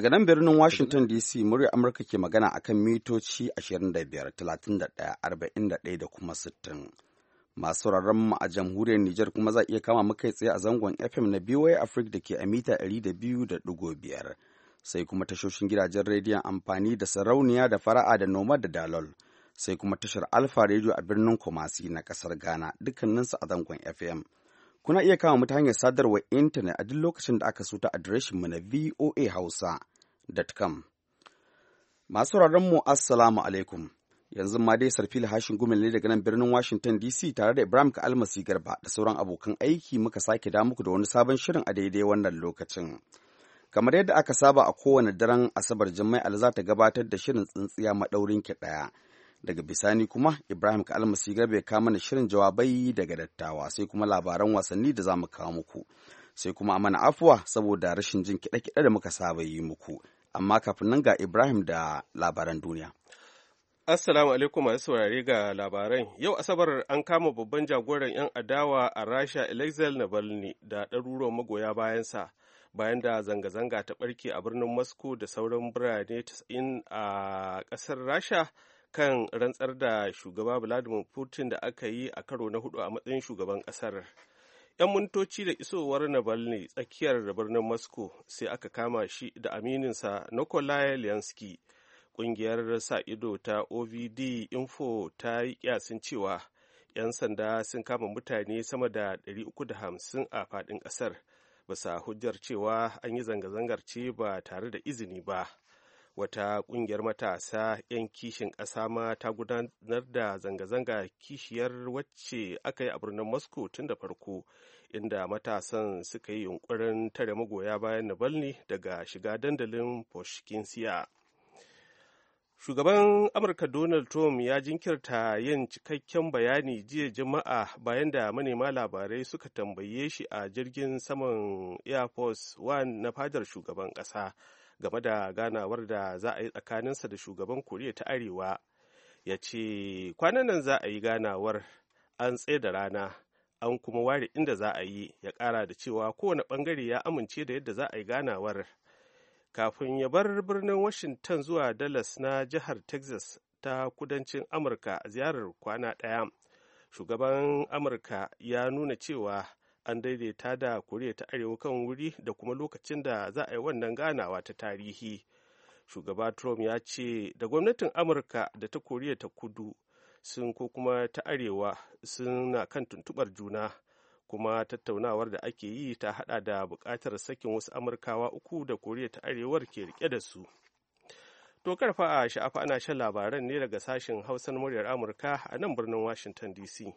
Daga nan birnin Washington DC murya Amurka ke magana akan mitoci 25, 31, 41 da kuma 60. Masu mu a jamhuriyar Nijar kuma za a iya kama muka tsaye a zangon FM na BOA Africa da ke a mita 200.5. Sai kuma tashoshin gidajen rediyon amfani da sarauniya da fara'a da noma da dalol. Sai kuma tashar Alfa Radio a birnin Kumasi na kasar Ghana dukkaninsu a zangon FM. Kuna iya kama mu hanyar sadarwar intanet a duk lokacin da aka so ta mu na voahausa.com. Masu mu Assalamu alaikum. Yanzu ma dai sarfila hashin gumin ne daga nan birnin Washington DC tare da Ibrahim Almasi Garba da sauran abokan aiki muka sake da muku da wani sabon shirin a daidai wannan lokacin. Kamar yadda aka saba a kowane daren Asabar Jummai za ta gabatar da shirin tsintsiya maɗaurin ki ɗaya. daga bisani kuma ibrahim kalmasi garbe ya kama shirin jawabai daga dattawa sai kuma labaran wasanni da za mu kawo muku sai kuma mana afuwa saboda rashin jin kiɗe-kiɗe da muka saba yi muku amma kafin nan ga ibrahim da labaran duniya Assalamu alaikum masu saurare ga labaran. Yau Asabar an kama babban jagoran 'yan adawa a Rasha na Navalny da ɗaruruwan magoya bayansa bayan da zanga-zanga ta ɓarke a birnin Moscow da sauran birane 90 a ƙasar Rasha kan rantsar da shugaba vladimir putin da aka yi a karo na hudu a matsayin shugaban kasar yan mintoci da isowar navalny tsakiyar da birnin moscow sai aka kama shi da amininsa na liansky Ƙungiyar sa ido ta ovd info ta yi kyasin cewa 'yan sanda sun kama mutane sama da 350 a faɗin ƙasar bisa hujjar cewa an yi zanga-zangar ce ba tare da izini ba wata ƙungiyar matasa 'yan kishin ƙasa ma ta gudanar da zanga-zanga kishiyar wacce aka yi a birnin moscow tun da farko inda matasan suka yi yunkurin tare magoya bayan na navalny daga shiga dandalin poshkinsiya shugaban amurka donald trump ya jinkirta yin cikakken bayani jiya juma'a bayan da manema labarai suka tambaye shi a jirgin saman air force one na fadar shugaban ƙasa game da ganawar da za a yi tsakaninsa da shugaban koriya ta arewa ya ce kwanan nan za a yi ganawar an tsaye da rana an kuma ware inda za a yi ya kara da cewa kowane bangare ya amince da yadda za a yi ganawar kafin ya bar birnin washington zuwa dallas na jihar texas ta kudancin amurka ziyarar kwana ɗaya shugaban amurka ya nuna cewa an daidaita da koriya ta arewa kan wuri da kuma lokacin da za a yi wannan ganawa ta tarihi shugaba trump ya ce da gwamnatin amurka da ta koriya ta kudu sun ko kuma ta arewa suna kan tuntubar juna kuma tattaunawar da ake yi ta hada da bukatar sakin wasu amurkawa uku da koriya ta arewar ke rike da su to karfa a sha'afa ana shan labaran ne daga sashen hausan muryar amurka a nan birnin washington dc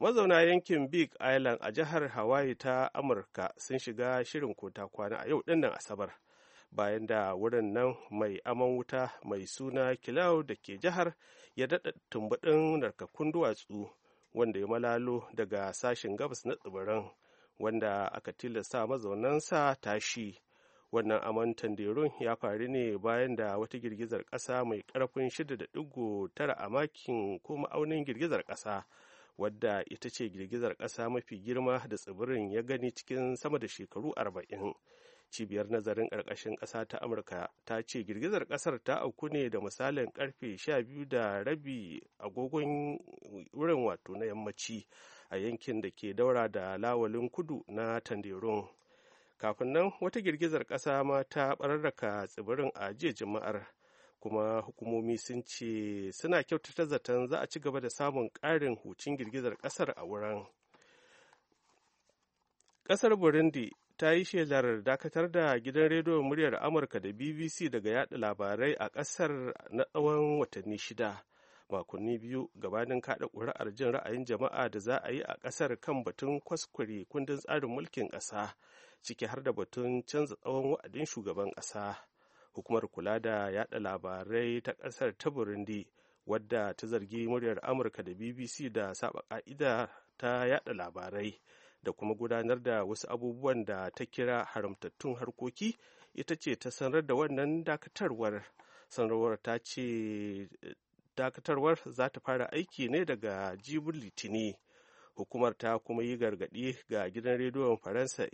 mazauna yankin big island a jihar hawaii ta amurka sun shiga shirin kota kwana a yau dinnan asabar bayan da wurin nan mai aman wuta mai suna kilau da ke jihar ya daɗa tumbudin narkakkun duwatsu wanda ya malalo daga sashen gabas na tsibirin, wanda aka tilasta mazaunansa tashi wannan aman tanderun ya faru ne bayan da wata girgizar ƙasa mai ƙarfin 6.9 a makin ko ma'aunin girgizar ƙasa wadda ita ce girgizar ƙasa mafi girma da tsibirin ya gani cikin sama da shekaru arba'in. cibiyar nazarin ƙarƙashin ƙasa ta amurka ta ce girgizar ƙasar ta auku ne da misalin karfe biyu da rabi agogon wurin wato na yammaci a yankin da ke daura da lawalin kudu na tanderun kafin nan wata girgizar ƙasa ma ta ɓararraka tsibirin a jiya juma'ar kuma hukumomi sun ce suna kyautata zaton za a ci gaba da samun ƙarin hucin girgizar ƙasar a wurin ƙasar burundi ta yi shelar dakatar da gidan rediyon muryar amurka da bbc daga yada labarai a ƙasar na tsawon watanni shida makonni biyu gabanin kaɗa ƙuri'ar jin ra'ayin jama'a da za a yi a ƙasar kan batun kwaskwari kundin tsarin mulkin ƙasa ciki har da batun canza tsawon wa'adin shugaban ƙasa hukumar kula da yada labarai ta kasar ta burundi wadda ta zargi muryar amurka da bbc da saba ka'ida ta yada labarai da kuma gudanar da wasu abubuwan da ta kira haramtattun harkoki ita ce ta sanar da wannan dakatarwar sanarwar ta ce eh, dakatarwar za ta fara aiki ne daga jibin litini hukumar ta kuma yi gargaɗi ga gidan rediyon faransa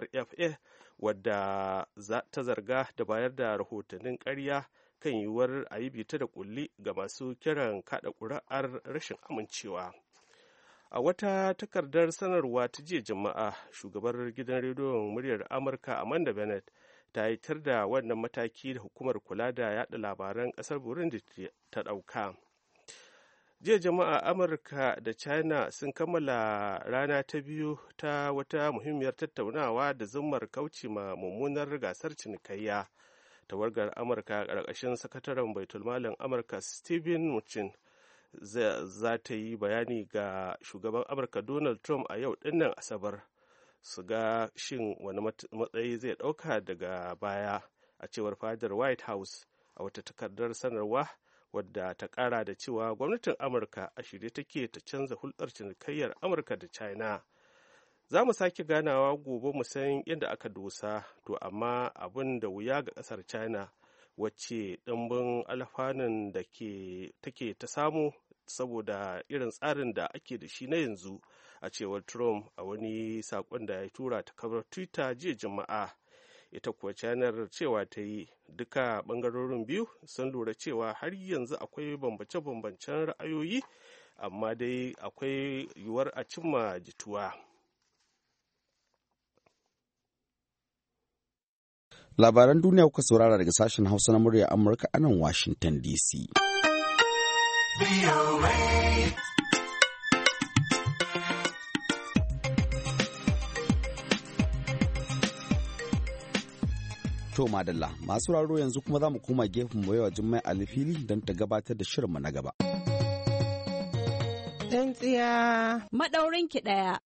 rfa wadda ta zarga da bayar da rahotannin karya kan yiwuwar a yi bita da kulli ga masu kiran kada ƙuri'ar rashin amincewa a wata takardar sanarwa ta jiya jama'a shugabar gidan rediyon muryar amurka amanda bennett ta yi tar da wannan mataki da hukumar kula da yada labaran ƙasar burundi ta ɗauka jiya jama'a amurka da china sun kammala rana ta biyu ta wata muhimmiyar tattaunawa da zummar kauci ma mummunar gasar cinikayya tawargar amurka ƙarƙashin sakataren baitulmalin amurka steven mucin za ta yi bayani ga shugaban amurka donald trump a yau dinnan asabar su ga shin wani matsayi zai ɗauka daga baya a cewar fadar white house a wata takardar sanarwa wadda ta kara da cewa gwamnatin amurka a shirye take ta canza hulɗar cinikayyar amurka da china za mu sake ganawa gobe mu san yadda aka dosa to amma abin da wuya ga ƙasar china wacce ɗimbin alfanun da take ta samu saboda irin tsarin da ake da shi na yanzu a cewar trump a wani saƙon da ya tura ta kamar twitter jiya juma'a ita kuwa canar cewa ta yi duka bangarorin biyu sun lura cewa har yanzu akwai bambance-bambancen ra'ayoyi amma dai akwai yiwuwar a cimma jituwa labaran duniya kuka saurara daga sashen hausa na murya amurka anan washington dc To madalla masu raro yanzu kuma za mu koma gefen mu yawa Jummai Alfili don ta gabatar da shirinmu na gaba. Ɗan tsiya maɗaurinki ɗaya.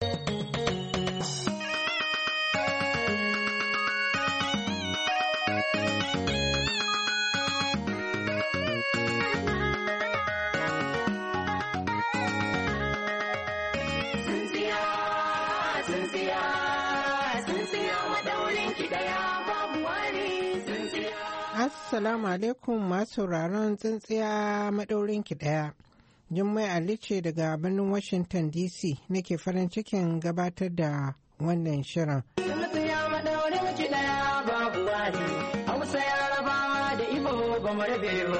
Assalamu alaikum masu sauraron tsintsiya maɗaurin ki ɗaya. Jummai Ali ce daga birnin Washington DC nake farin cikin gabatar da wannan shirin. Tsintsiya maɗaurin ki ɗaya babu wani, Hausa Yarabawa da Ibo ba mu rabe ba.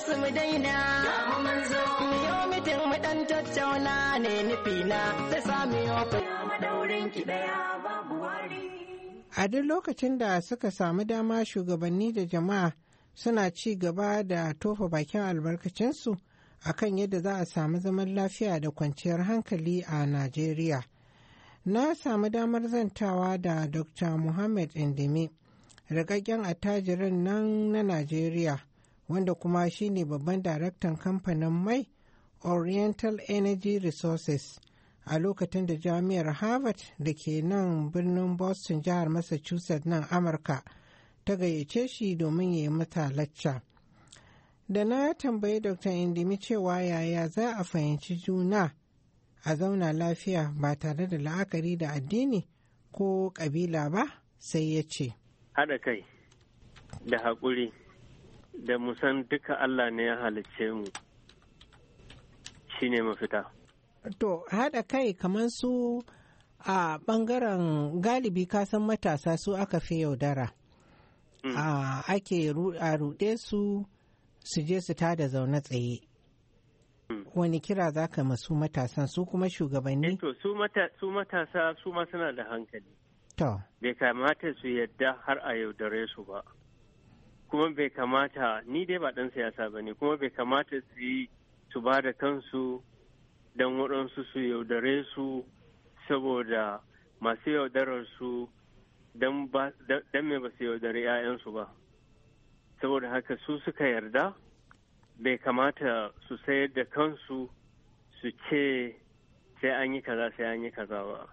su mu daina mitin mu dan tattauna ne nufi na sai sami yo madaurin ki daya babu wari a duk lokacin da suka samu dama shugabanni da jama'a suna ci gaba da tofa bakin albarkacinsu a kan yadda za a samu zaman lafiya da kwanciyar hankali a najeriya na samu damar zantawa da dr muhammad indimi rikakken attajirin nan na najeriya wanda kuma shi ne babban daraktan kamfanin mai oriental energy resources a lokacin da jami'ar harvard da ke nan birnin boston jihar massachusetts nan amurka ta gayyace shi domin ya yi mata da na tambayi dr indimi cewa yaya za a fahimci juna a zauna lafiya ba tare da la'akari da addini ko ƙabila ba sai ya ce haɗa kai da haƙuri da mu san duka Allah ne ya halicce mu shine mafita. To, haɗa kai kamar su a ɓangaren galibi kasan matasa su aka fi yaudara. Mm. ake a ruɗe su su je su tada zaune tsaye. Mm. Wani kira za ka masu matasan su kuma shugabanni? Eh to, su matasa su ma suna da hankali. To. Bai kamata su yadda har a yaudare su ba. kuma bai kamata ni dai ba ɗan siyasa ba ne kuma bai kamata su yi su ba da kansu don waɗansu su yaudare su saboda masu yaudarar su don mai ba su yaudare 'ya'yansu ba saboda haka su suka yarda bai kamata su sayar da kansu su ce sai an yi kaza sai an yi kaza ba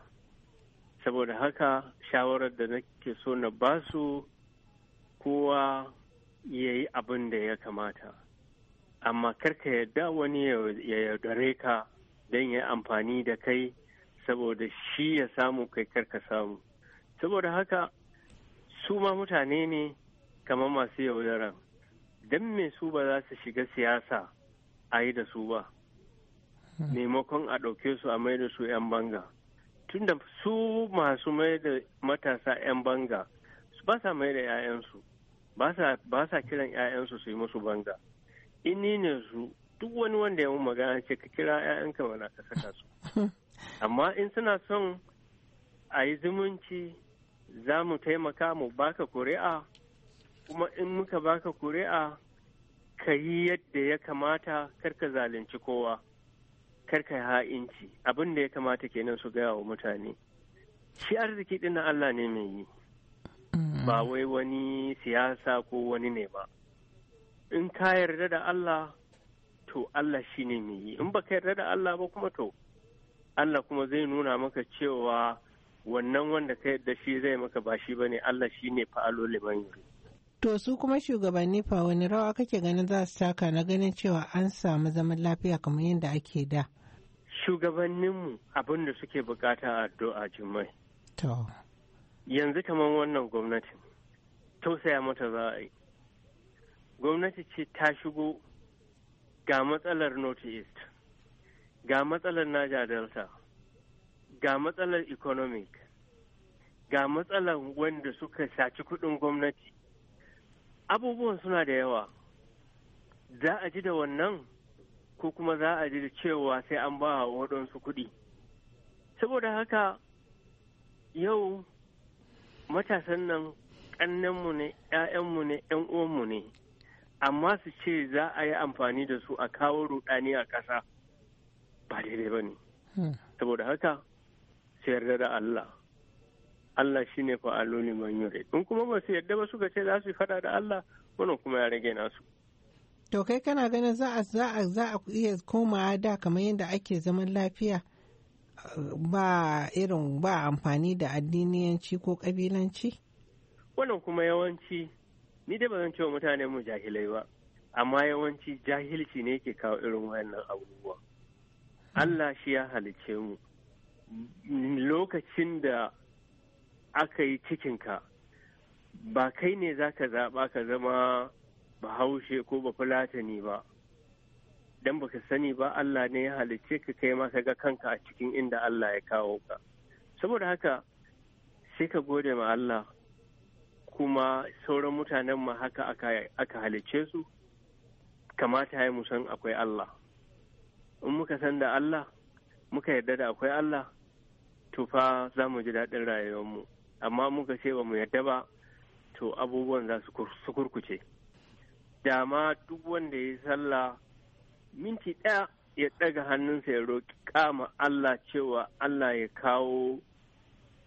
saboda haka shawarar da nake so na basu kowa yayi yi abin da ya kamata amma karka yadda wani ya yaudare ka don ya amfani da kai saboda shi ya samu kai karka samu saboda haka su ma mutane ne kamar masu yaudaran don me su ba za su shiga siyasa a yi da su ba maimakon a ɗauke su a mai da su 'yan banga tunda su masu mai da matasa 'yan banga su ba sa mai da 'ya'yansu ba sa kiran 'ya'yansu su yi musu banga in ni ne su duk wani wanda ya magana ce ka kira 'ya'yanka mana ka saka su amma in suna son a yi zumunci za mu taimaka mu baka kuri'a kuma in muka baka kuri'a ka yi yadda ya kamata karka zalunci kowa karka ha'inci abin da ya kamata kenan su gaya wa mutane shi arziki ɗin Allah ne mai yi ba mm. wai wani siyasa ko wani ne ba in ka yarda da Allah to Allah shi ne mai yi in ba ka yarda da Allah ba kuma to Allah kuma zai nuna maka cewa wannan wanda ka yarda shi zai maka ba shi ba ne Allah shi ne fa'alo liman To su kuma shugabanni fa wani rawa kake ganin za su taka na ganin cewa an samu zaman lafiya kamar yadda ake da. Shugabanninmu abin da suke bukata addu'a jimai. To. yanzu kamar wannan gwamnatin tausaya mata za a yi gwamnati ce ta shigo ga matsalar north east ga matsalar naja delta ga matsalar economic ga matsalar wanda suka saci kudin gwamnati abubuwan suna da yawa za a ji da wannan ko kuma za a ji da cewa sai an ba waɗansu kuɗi saboda haka yau matasan nan ƙannenmu ne 'ya'yanmu ne 'yan uwanmu ne amma su ce za a yi amfani da su a kawo rudani a ƙasa ba daidai ba ne hmm. saboda haka su yarda da Allah Allah shi ne fa'alo man yure in kuma ba su yarda ba suka ce za su faɗa da Allah wannan kuma ya rage nasu to kai kana ganin za a za a za a iya komawa da kamar yadda ake zaman lafiya ba irin ba amfani da addiniyanci ko kabilanci? Wannan kuma yawanci ni dai ba zan cewa mutane mu jahilai ba, amma yawanci jahilci ne ke kawo irin wannan abubuwa. Allah shi ya halice mu. Lokacin da aka yi cikinka, ba kai ne za ka zaɓa ka zama bahaushe ko ba fulatani ba. dan baka sani ba Allah ne ya halicce ka kai ma ga kanka a cikin inda Allah ya kawo ka saboda haka sai ka gode ma Allah kuma sauran mutanen ma haka aka halicce su kamata ya san akwai Allah in muka san da Allah muka yarda da akwai Allah to fa za mu ji daɗin mu amma muka ce ba mu yarda ba to abubuwan za su kurkuce dama duk wanda ya yi sallah minti ɗaya ya ɗaga hannunsa ya roƙi kama Allah cewa Allah ya kawo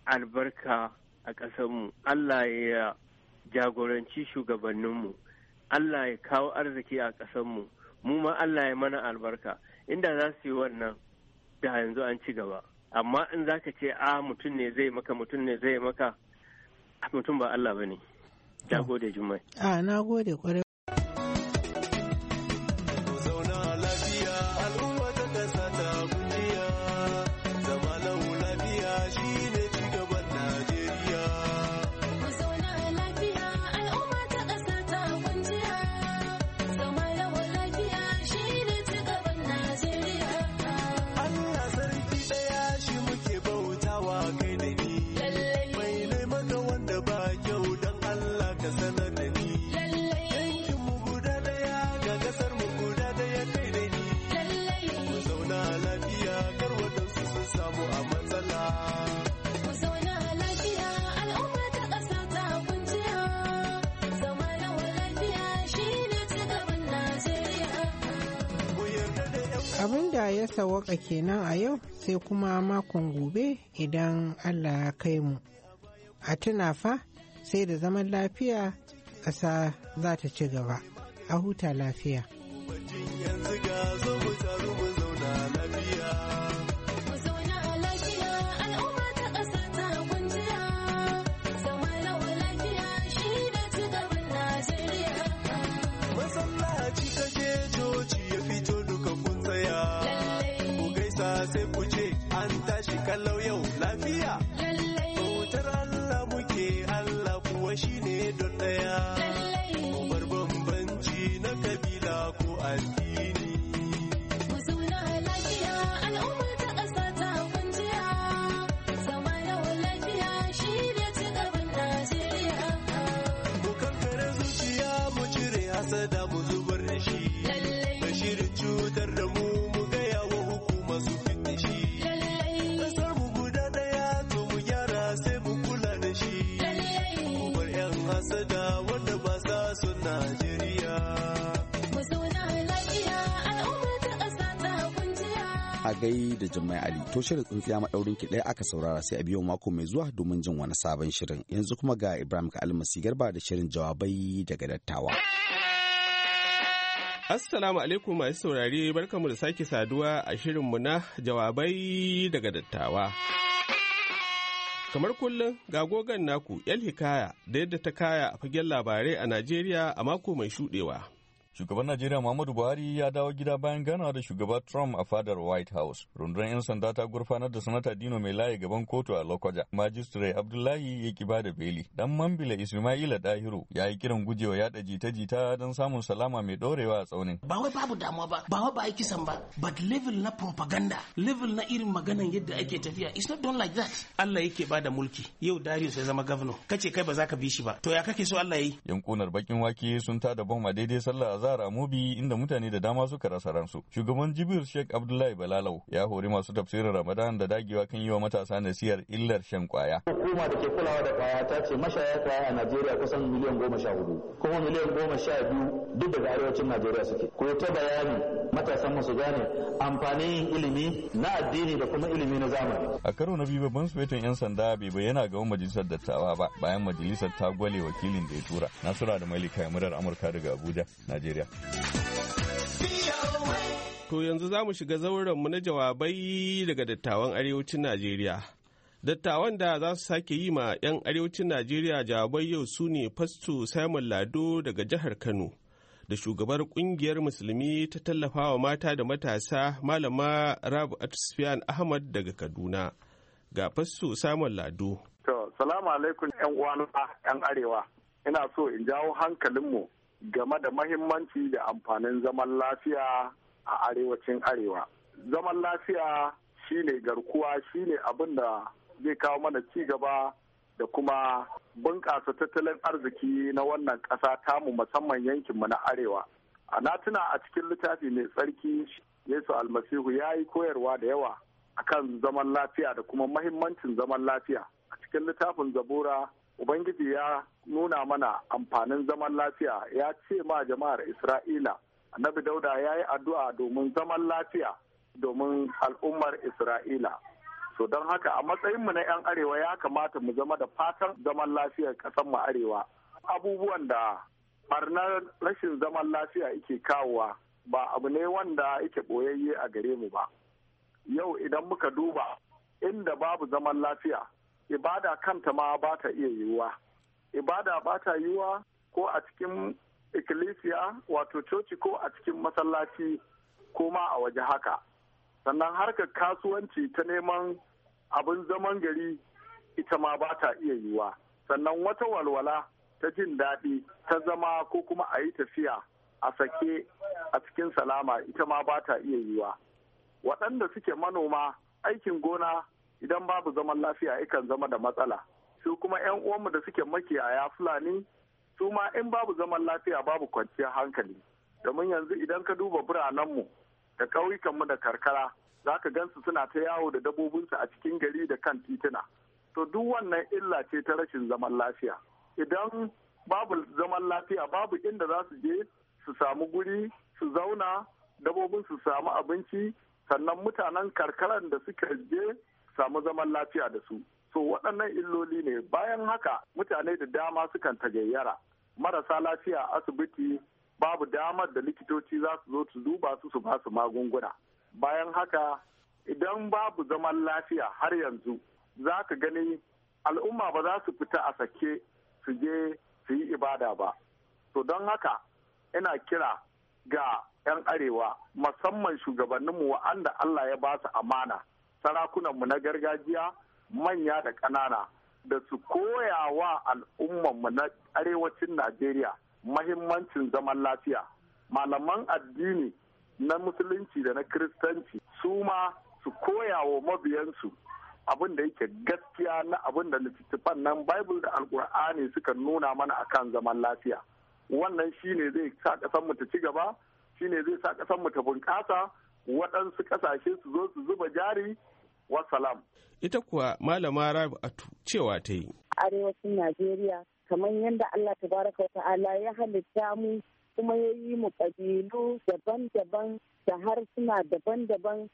albarka a ƙasarmu, Allah ya jagoranci shugabanninmu, Allah ya kawo arziki a ƙasarmu, mu ma Allah ya mana albarka. Inda za su yi wannan da yanzu an ci gaba. Amma in za ka ce, a mutum ne zai maka, mutum ne zai maka, mutum ba Allah ba ne. Na gode, Jummai. Ah, a, Abin da ya sawaka kenan a yau sai kuma makon gobe idan Allah ya kai mu. A tuna fa sai da zaman lafiya ƙasa za ta ci gaba. A huta lafiya. Yanzu hello yo Hagai da Jummai Ali. To shirin tsintsiya maɗaurin ki ɗaya aka saurara sai a biyo mako mai zuwa domin jin wani sabon shirin. Yanzu kuma ga Ibrahim ka almasi garba da shirin jawabai daga dattawa. Assalamu alaikum masu saurare barkamu da sake saduwa a shirinmu na jawabai daga dattawa. Kamar kullum ga gogon naku 'yar Hikaya da yadda ta kaya a fagen labarai a Najeriya a mako mai shuɗewa. Shugaban Najeriya Muhammadu Buhari ya dawo gida bayan ganawa da shugaba Trump a fadar White House. Rundunar 'yan sanda ta gurfanar da sanata Dino mai layi gaban kotu a Lokoja. Majistare Abdullahi ya ki bada beli. Dan Mambila Ismaila Dahiru ya yi kiran gujewa yada jita-jita don samun salama mai dorewa a tsaunin. Ba wai babu damuwa ba, ba wai ba yi kisan ba, but level na propaganda, level na irin maganan yadda ake tafiya, it's not done like that. Allah yake da mulki. Yau Darius ya zama gavno. Kace kai ba za ka bi shi ba. To ya kake so Allah yi? Yankunar bakin wake sun tada bom a daidai sallah Bazar a Mubi inda mutane da dama suka rasa ransu. Shugaban Jibir Sheikh Abdullahi Balalau ya hori masu tafsirin Ramadan da dagewa kan yi wa matasa nasiyar illar shan kwaya. Hukuma da ke kulawa da kwaya ta ce mashaya kwaya a Najeriya kusan miliyan goma sha hudu kuma miliyan goma sha biyu duk daga arewacin Najeriya suke. Ko ta bayani matasan masu gane amfanin ilimi na addini da kuma ilimi na zamani. A karo na biyu babban sufetin 'yan sanda bai bayyana ga majalisar dattawa ba bayan majalisar ta gwale wakilin da ya tura. Nasura da Malika Yamurar Amurka daga Abuja, Najeriya. Najeriya. To yanzu za mu shiga mu na jawabai daga dattawan arewacin Najeriya. Dattawan da za su sake yi ma 'yan arewacin Najeriya jawabai yau su ne Fasto Simon Lado daga jihar Kano da shugabar kungiyar musulmi ta tallafawa mata da matasa Malama Rabu Atusfiyan Ahmad daga Kaduna. Ga Fasto Simon Lado. To, salamu alaikum 'yan uwana 'yan arewa. Ina so in jawo hankalinmu game da mahimmanci da amfanin zaman lafiya a arewacin arewa zaman lafiya shine garkuwa shine abin da zai kawo mana ci gaba da kuma bunƙasa tattalin arziki na wannan ƙasa tamu musamman yankinmu na arewa a na tuna a cikin littafi mai tsarki yesu almasihu ya yi koyarwa da yawa akan zaman lafiya da kuma mahimmancin zaman lafiya a cikin littafin zabura ubangiji ya nuna mana amfanin zaman lafiya ya ce ma jama'ar isra'ila annabi dauda ya yi addu'a domin zaman lafiya domin al'ummar isra'ila So don haka a matsayinmu na 'yan arewa ya kamata mu zama da fatan zaman lafiyar mu arewa abubuwan da barnar rashin zaman lafiya yake kawowa ba abu ne wanda yake ɓoyayye a gare mu ba yau idan muka duba inda babu zaman lafiya ibada kanta ma ba ta iya yiwuwa ibada ba ta yiwuwa ko a cikin ikkilisiya wato coci ko a cikin masallaci ko ma a waje haka sannan harkar kasuwanci ta neman abin zaman gari ita ma ba ta iya yiwuwa sannan wata walwala ta jin daɗi ta zama ko kuma a yi tafiya a sake a cikin salama ita ma ba ta iya yiwuwa waɗanda suke manoma aikin gona idan babu zaman lafiya ikan zama da matsala su kuma yan uwanmu da suke makiyaya fulani su ma in babu zaman lafiya babu kwanciyar hankali domin yanzu idan ka duba biranenmu da ƙauyukanmu da karkara za ka gansu suna ta yawo da dabobinsu a cikin gari da kan tituna to duk wannan illa ce ta rashin zaman lafiya idan babu zaman lafiya babu inda za su je su samu guri su zauna dabobin su samu abinci sannan mutanen karkaran da suka je samu zaman lafiya da su so waɗannan illoli ne bayan haka mutane da dama sukan tagayyara marasa lafiya asibiti babu damar da likitoci za su zo su duba su su basu magunguna bayan haka idan babu zaman lafiya har yanzu za ka gani al'umma ba za su fita a sake su je su yi ibada ba So don haka ina kira ga 'yan arewa musamman shugabanninmu wa'anda Allah ya ba su amana sarakunanmu na gargajiya manya da ƙanana da su koya wa al'ummanmu na arewacin najeriya mahimmancin zaman lafiya malaman addini na musulunci da na kiristanci su ma su koya wa mabiyansu abin da yake gaskiya na abin da littattafan nan bible da alkur'ani suka nuna mana a kan zaman lafiya wannan shine zai sa ƙasar ta ci gaba shine zai sa ƙasar ta bunƙasa waɗansu ƙasashe su zo su zuba jari wasalam. Ita kuwa malama Rabi Atu cewa ta yi. Arewacin Najeriya kamar yadda Allah tabaraka wa ta'ala ya halitta mu kuma ya yi mu ƙabilu daban-daban da har suna daban-daban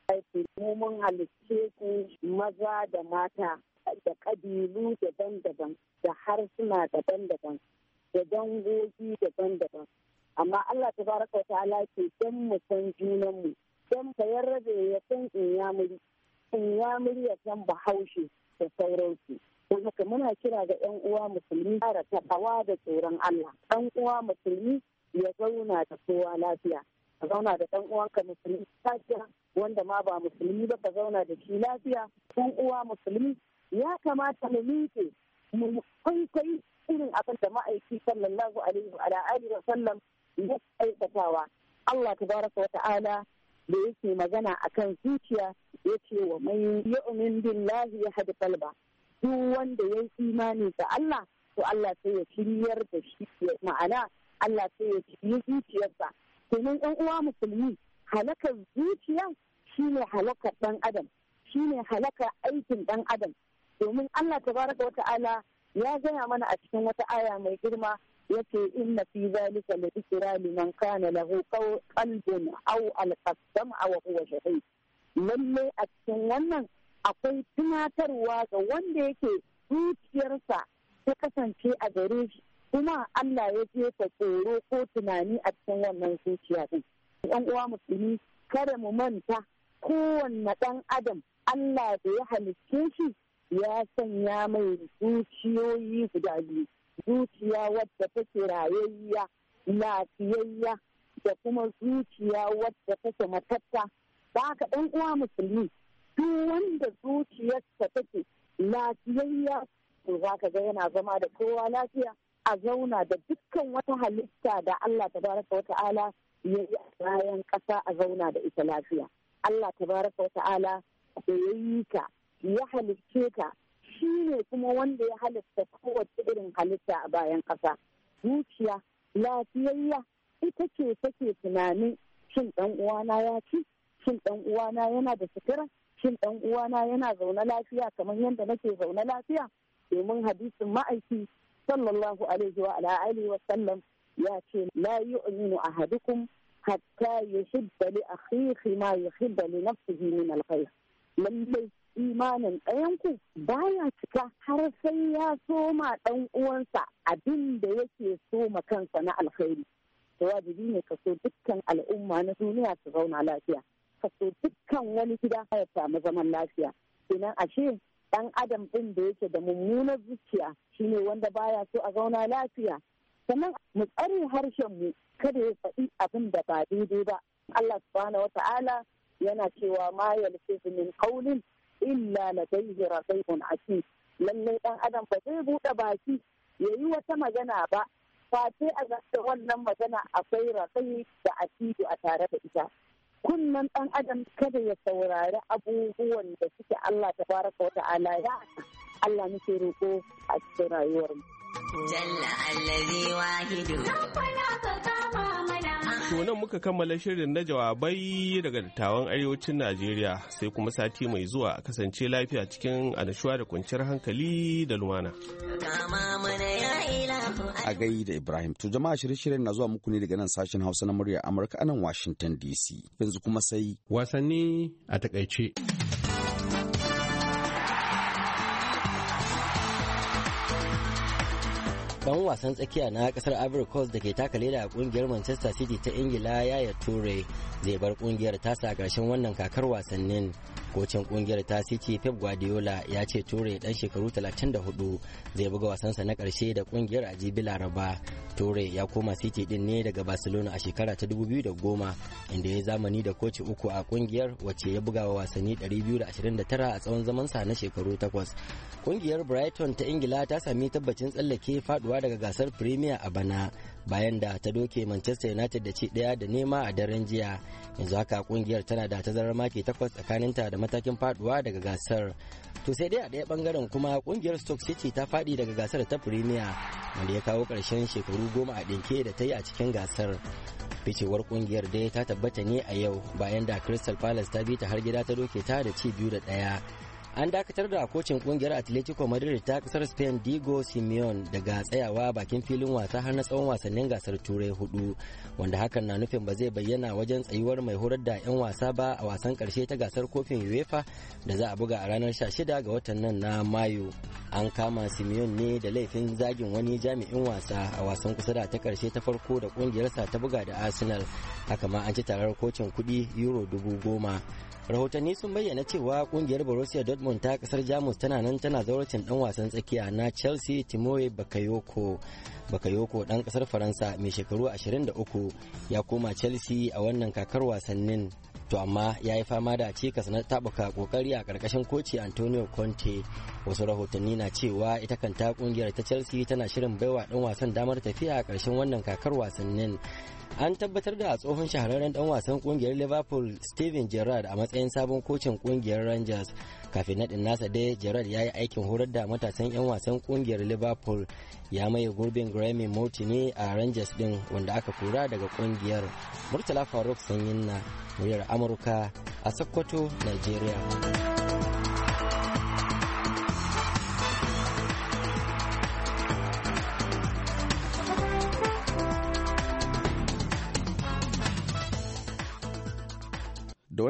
mu mun halitta ku maza da mata da ƙabilu daban-daban da har suna daban-daban da dangogi daban-daban amma Allah tabaraka wa ta'ala ke don mu san junanmu don ka yarrabe ya san in ya muri ya muryar nan bahaushe da sauransu don haka muna kira ga 'yan uwa musulmi fara tabawa da tsoron Allah ɗan uwa musulmi ya zauna da kowa lafiya ka zauna da ɗan uwanka musulmi lafiya wanda ma ba musulmi ba ka zauna da shi lafiya ɗan uwa musulmi ya kamata mu miƙe mu kwaikwayi irin abin da ma'aiki sallallahu alaihi wa alihi wa sallam ya aikatawa Allah tabaraka wa ta'ala da yake magana akan zuciya ya ce wa mai yu'min billahi ya hadi kalba duk wanda ya yi imani da Allah to Allah sai ya shiryar da shi ma'ana Allah sai ya shirye zuciyarsa domin ɗan uwa musulmi halakar zuciya shine halakar ɗan adam shine halakar aikin ɗan adam domin Allah tabaraka wata'ala ya gaya mana a cikin wata aya mai girma yace inna fi zalika la dhikra liman kana lahu qalbun aw al-qasam aw huwa shahid lalle a cikin wannan akwai tunatarwa ga wanda yake zuciyarsa ta kasance a gare shi kuma Allah ya je jefa tsoro ko tunani a cikin wannan zuciya din. Yan uwa musulmi kada mu manta kowanne ɗan adam Allah da ya halicce shi ya sanya mai zuciyoyi guda biyu. Zuciya wadda take rayayya, lafiyayya da kuma zuciya wadda take matatta da haka ɗan uwa musulmi duk wanda zuciyarsa take lafiyayya to za ka ga yana zama da kowa lafiya a zauna da dukkan wata halitta da Allah ta tabaraka wata'ala ya yi a bayan ƙasa a zauna da ita lafiya Allah ta tabaraka wata'ala da ya yi ka ya halicce ka shi ne kuma wanda ya halitta kowace irin halitta a bayan ƙasa zuciya lafiyayya ita ce take tunanin shin ɗan uwana ya ci shin dan uwana yana da sutura shin dan uwana yana zaune lafiya kamar yadda nake zaune lafiya domin hadisin ma'aiki sallallahu alaihi wa alihi wa sallam ya ce la yu'minu ahadukum hatta yuhibba li akhihi ma yuhibba li nafsihi min alkhair lallai imanin ɗayanku baya cika har sai ya soma ɗan uwansa abin da yake soma kansa na alkhairi. wajibi ne ka so dukkan al'umma na duniya su zauna lafiya. haka dukkan wani gida ya samu zaman lafiya kenan ashe dan adam ɗin da yake da mummunar zuciya shine wanda baya so a zauna lafiya sannan mu tsare harshen mu kada ya faɗi abin da ba daidai ba Allah subhanahu wa ta'ala yana cewa ma yalfizu min qawlin illa ladayhi raqibun atid lallai dan adam ba zai buɗe baki yayi wata magana ba face a wannan magana akwai raƙayi da asidu a tare da ita kunnan ɗan adam kada ya saurari abubuwan da suke Allah ta baraka wata ala ya Allah muke roƙo a cikin rayuwarmu. Jalla allazi wahidu. Nan ka To nan muka kammala shirin na jawabai daga dattawan arewacin Najeriya sai kuma sati mai zuwa kasance lafiya cikin anashuwa da kwanciyar hankali da lumana. A gai da Ibrahim, to jama'a shirye-shiryen na zuwa muku ne daga nan sashen Hausa na muryar Amurka a nan Washington DC. Yanzu kuma sai wasanni a takaice. dan wasan tsakiya na kasar Ivory Coast da ke taka leda a kungiyar Manchester City ta Ingila Yaya Toure zai bar kungiyar tasa a gashin wannan kakar wasannin. Kocin kungiyar ta City Pep Guardiola ya ce Toure dan shekaru 34 zai buga wasansa na karshe da kungiyar a Laraba. Toure ya koma City din ne daga Barcelona a shekara ta 2010 inda ya zamani da koci uku a kungiyar wacce ya buga wa wasanni 229 a tsawon zaman sa na shekaru takwas. Kungiyar Brighton ta Ingila ta sami tabbacin tsallake faduwa ficewa daga gasar Premier a bana bayan da ta doke Manchester United da ci daya da nema a daren jiya. Yanzu haka kungiyar tana da tazarar maki takwas tsakaninta da matakin faduwa daga gasar. To sai dai a daya bangaren kuma kungiyar Stoke City ta fadi daga gasar ta Premier wanda ya kawo karshen shekaru goma a ɗinke da ta yi a cikin gasar. ficewar kungiyar dai ta tabbata ne a yau bayan da crystal palace ta bi ta har gida ta doke ta da ci biyu da ɗaya an dakatar da kocin kungiyar atletico madrid ta kasar spain diego simeon daga tsayawa bakin filin wasa har na tsawon wasannin gasar turai hudu wanda hakan na nufin ba zai bayyana wajen tsayuwar mai horar da 'yan wasa ba a wasan karshe ta gasar kofin uefa da za a buga a ranar 16 ga watan nan na mayu an kama simeon ne da laifin zagin wani jami'in wasa a wasan kusa da ta karshe ta farko da kungiyarsa ta buga da arsenal haka ma an ci tarar kocin kudi euro dubu goma rahotanni sun bayyana cewa kungiyar borussia dortmund ta kasar jamus tana nan tana zauracin dan wasan tsakiya na chelsea timoe bakayoko bakayoko dan kasar faransa mai shekaru 23 ya koma chelsea a wannan kakar wasannin to amma ya yi fama da cikas na tabuka kokari a karkashin koci antonio conte wasu rahotanni na cewa ita kanta kungiyar ta chelsea tana shirin baiwa dan wasan damar tafiya a karshen wannan kakar wasannin an tabbatar da tsohon shahararren dan wasan kungiyar liverpool steven gerrard a matsayin sabon kocin kungiyar rangers kafin nadin nasa dai gerrard ya yi aikin horar da matasan 'yan wasan kungiyar liverpool ya maye gurbin grammy moti ne a rangers din wanda aka kura daga kungiyar murtala faruk sanyin na muryar amurka a sokoto nigeria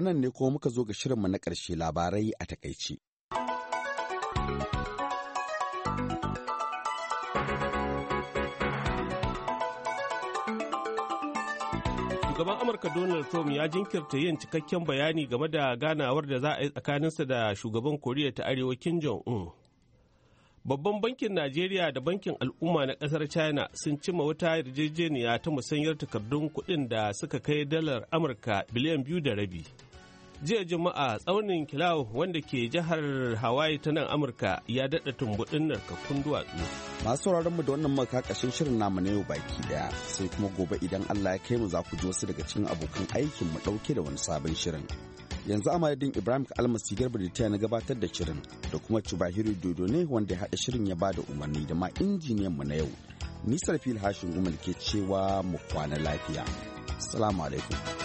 nan ne kuma muka zo ga shirinmu na ƙarshe labarai a takaici. Shugaban Amurka Donald Trump ya jinkirta yin cikakken bayani game da ganawar da za a yi tsakaninsa da shugaban Koriya ta Arewa Kim Jong-un. Babban bankin Najeriya da bankin al'umma na ƙasar China sun cima wata yarjejeniya ta musanyar takardun kuɗin da suka kai dalar Amurka biliyan biyu da rabi. jiya juma'a tsaunin Kilau wanda ke jihar hawaii ta nan amurka ya daɗa tumbuɗin narkakkun duwatsu masu mu da wannan makakashin shirin namu na yau baki daya sai kuma gobe idan allah ya kai mu za ku ji wasu daga cikin abokan aikin mu ɗauke da wani sabon shirin yanzu a madadin ibrahim almasi garba da ta na gabatar da shirin da kuma Cibahiru dodo ne wanda ya haɗa shirin ya bada umarni da ma injiniyan mu na yau nisar fil hashin gumal ke cewa mu kwana lafiya salamu alaikum